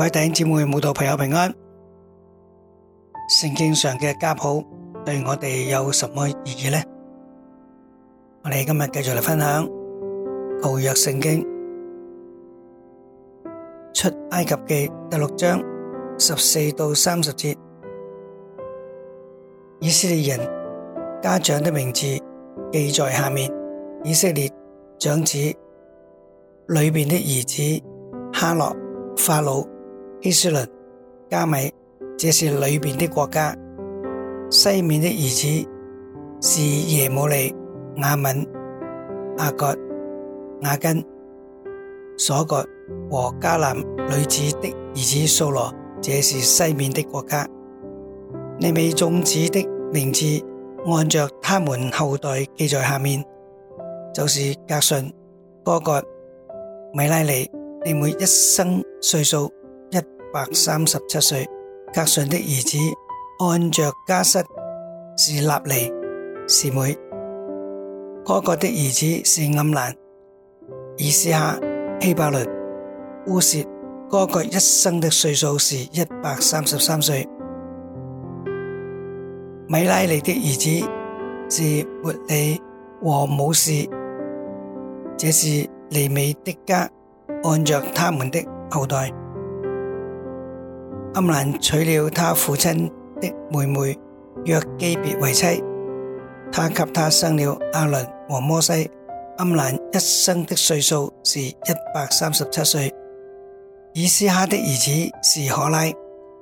各位弟兄姊妹、慕道朋友平安。聖經上嘅家譜對我哋有什麼意義呢？我哋今日繼續嚟分享舊約聖經出埃及記第六章十四到三十節。以色列人家長的名字記在下面：以色列長子裏面的兒子哈諾、法路。希斯倫，迦米，這是裏面的國家。西面的兒子，是耶母利，亞敏，亞國，亞根。索國和迦南女子的兒子掃羅，這是西面的國家。利未眾子的名字，按着他們後代記在下面。就是革順，哥哥，米拉利，利未一生歲數。N -hate 一百三十七歲。革順的兒子按着家室是立尼是妹，哥轄的兒子是暗蘭、以斯哈、希伯倫、烏薛。哥轄一生的歲數是一百三十三歲。米拉利的兒子是抹利和母示，這是利未的家，按着他們的後代。暗蘭娶了他父親的妹妹約基別為妻，他給他生了阿倫和摩西。暗蘭一生的歲數是一百三十七歲。以斯哈的兒子是可拉、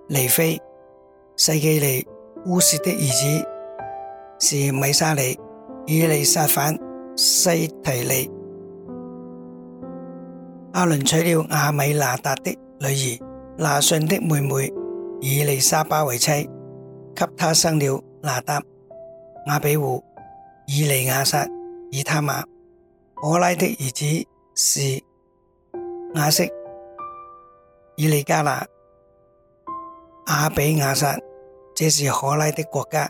尼菲、細基利。烏涉的兒子是米沙利、以利撒反、西提利。阿倫娶了亞米拿達的女兒，拿順的妹妹以利沙巴為妻，給他生了拿答、亞比戶、以利亞撒、以他瑪。可拉的兒子是亞色、以利加拿、亞比亞撒。這是可拉的國家。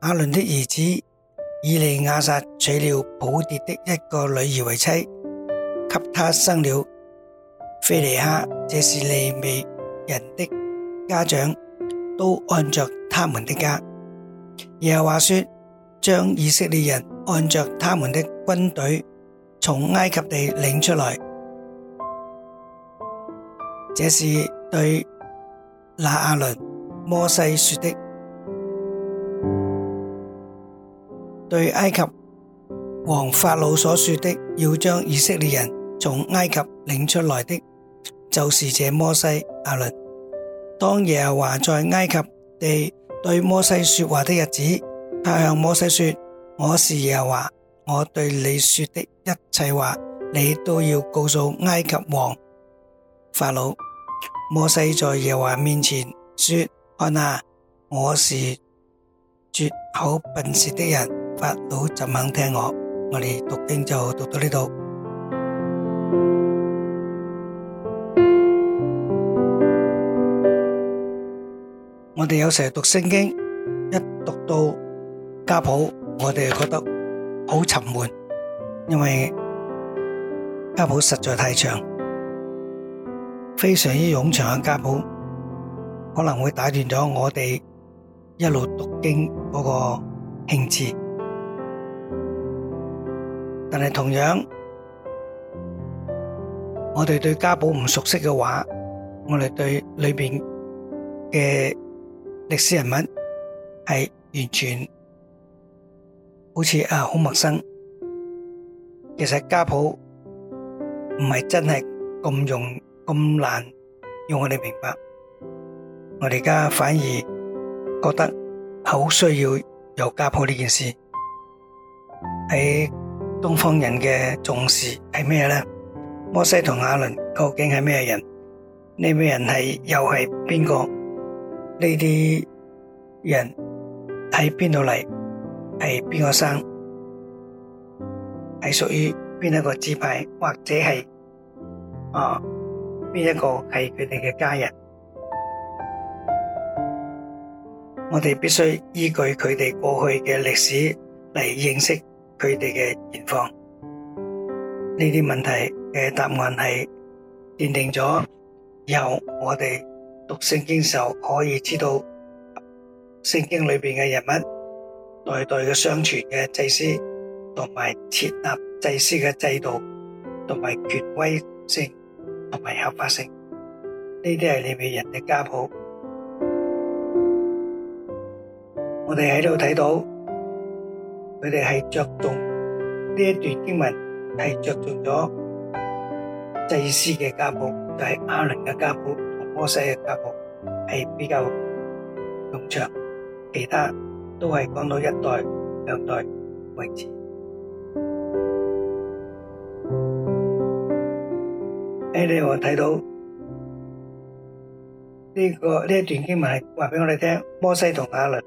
亞倫的兒子以利亞撒娶了普迭的一個女兒為妻，給他生了菲尼哈。這是利未。人的家長都按着他們的家，又有話說，將以色列人按着他們的軍隊從埃及地領出來，這是對那亞倫摩西說的，對埃及王法老所說的，要將以色列人從埃及領出來的，就是這摩西。亞倫，當耶和華在埃及地對摩西說話的日子，他向摩西說：我是耶和華，我對你說的一切話，你都要告訴埃及王法老。摩西在耶和華面前說：看啊，我是絕口笨舌的人，法老怎肯聽我？我哋讀經就讀到呢度。我哋有時讀聖經，一讀到家譜，我哋覺得好沉悶，因為家譜實在太長，非常之冗長嘅家譜，可能會打斷咗我哋一路讀經嗰個興致。但係同樣，我哋對家譜唔熟悉嘅話，我哋對裏邊嘅歷史人物係完全好似啊，好陌生，其實家譜唔係真係咁用咁難，要我哋明白。我哋而家反而覺得好需要有家譜呢件事，喺東方人嘅重視係咩咧？摩西同亞倫究竟係咩人？呢咩人係又係邊個？呢啲人喺邊度嚟？係邊個生？係屬於邊一個支派，或者系啊？邊一個係佢哋嘅家人？我哋必須依據佢哋過去嘅歷史嚟認識佢哋嘅現況。呢啲問題嘅答案係奠定咗以後，我哋。讀聖經時候可以知道聖經裏邊嘅人物，代代嘅相傳嘅祭司，同埋設立祭司嘅制度，同埋權威性，同埋合法性。呢啲係你哋人嘅家譜。我哋喺度睇到佢哋係着重呢一段經文，係着重咗祭司嘅家譜，就係亞倫嘅家譜。摩西嘅格局係比較長，其他都係講到一代兩代為止。誒，你我睇到呢個呢一段經文係話俾我哋聽，摩西同亞倫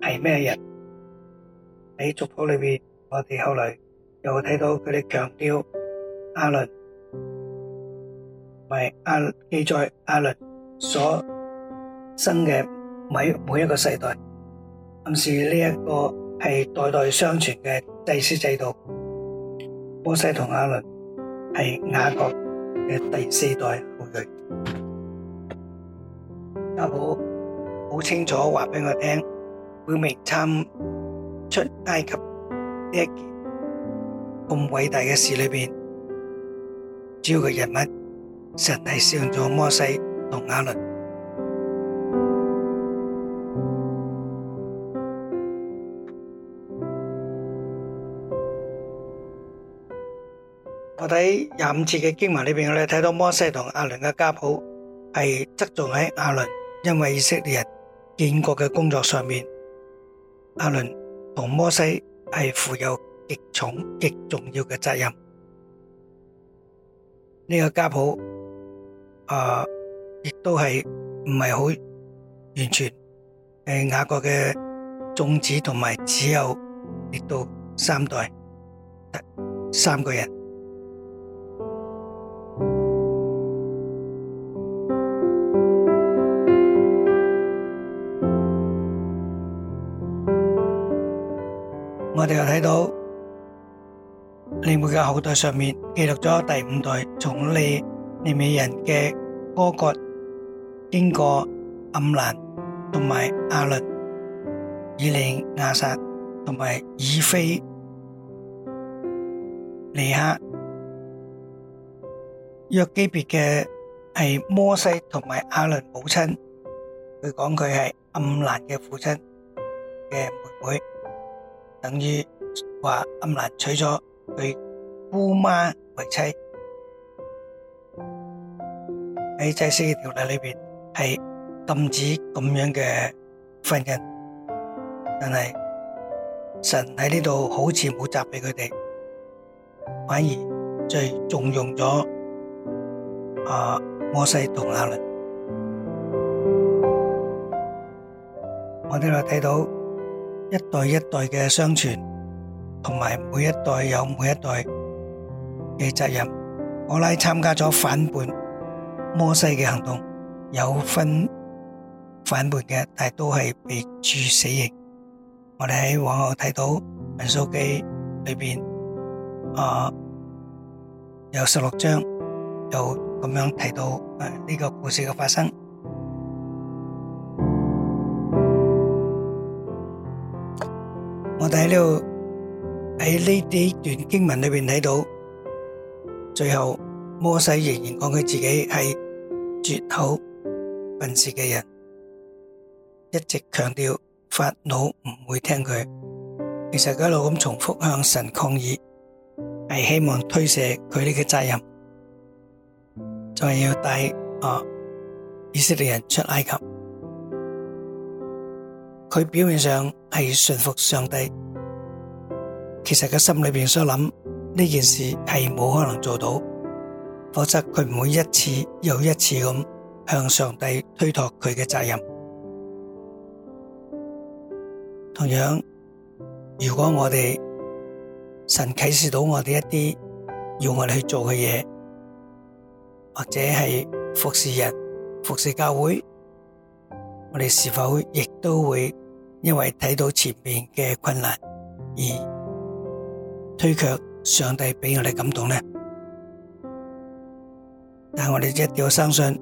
係咩人？喺族譜裏邊，我哋後來又會睇到佢哋強調亞倫，咪亞記載亞倫。所生嘅每一個世代，暗示呢一個係代代相傳嘅祭司制度。摩西同亞倫係雅各嘅第四代後裔。阿寶好清楚話俾我聽，表明喺出埃及呢一件咁偉大嘅事裏面，主要嘅人物，實際上係摩西。同阿倫，我睇廿五次嘅經文裏邊，我哋睇到摩西同阿倫嘅家譜係側重喺阿倫，因為以色列人建國嘅工作上面，阿倫同摩西係負有極重極重要嘅責任。呢個家譜，誒。亦都係唔係好完全誒，雅各嘅種子同埋只有，到三代得三個人。我哋又睇到利未嘅後代上面記錄咗第五代從利利未人嘅哥格。經過暗蘭同埋亞倫、以利亞撒同埋以非尼哈，約基別嘅係摩西同埋亞倫母親。佢講佢係暗蘭嘅父親嘅妹妹，等於話暗蘭娶咗佢姑媽為妻。喺祭司條例裏邊。係禁止咁樣嘅婚姻，但係神喺呢度好似冇責備佢哋，反而最重用咗阿、啊、摩西同阿倫。我哋又睇到一代一代嘅相傳，同埋每一代有每一代嘅責任。摩拉參加咗反叛摩西嘅行動。有份反叛嘅，但係都係被處死刑。我哋喺往後睇到《民數記》裏邊，啊有十六章，就咁樣提到呢個故事嘅發生。我哋喺呢度喺呢幾段經文裏邊睇到，最後摩西仍然講佢自己係絕口。笨事嘅人，一直強調法老唔會聽佢，其實佢一路咁重複向神抗議，係希望推卸佢呢個責任，就係、是、要帶啊以色列人出埃及。佢表面上係順服上帝，其實佢心裏邊所諗呢件事係冇可能做到，否則佢唔會一次又一次咁。向上帝推託佢嘅責任，同樣，如果我哋神啟示到我哋一啲要我哋去做嘅嘢，或者係服侍人、服侍教會，我哋是否亦都會因為睇到前面嘅困難而推卻上帝俾我哋感動呢？但我哋一定要相信。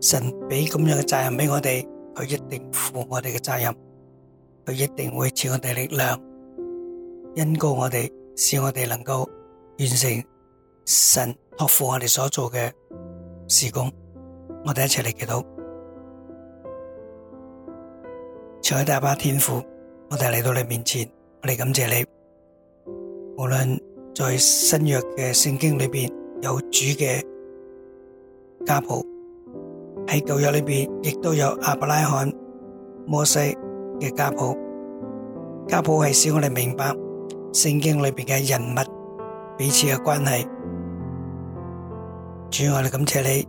神俾咁樣嘅責任俾我哋，佢一定負我哋嘅責任，佢一定會賜我哋力量，恩膏我哋，使我哋能夠完成神託付我哋所做嘅事工。我哋一齊嚟祈禱，除咗大把天父，我哋嚟到你面前，我哋感謝你。無論在新約嘅聖經裏邊，有主嘅家譜。喺舊約裏邊，亦都有亞伯拉罕、摩西嘅家譜。家譜係使我哋明白聖經裏邊嘅人物彼此嘅關係。主，我哋感謝你，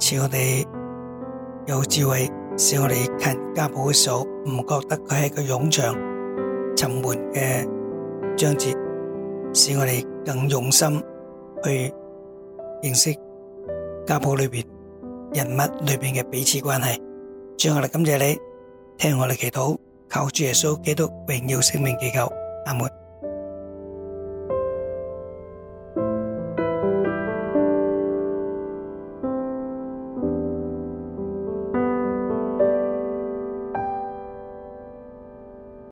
使我哋有智慧，使我哋近家譜嘅時候，唔覺得佢係一個冗長沉悶嘅章節，使我哋更用心去認識家譜裏邊。人物裏面嘅彼此關係，最後我哋感謝你，聽我哋祈禱，靠主耶穌基督榮耀聖名祈求，阿門。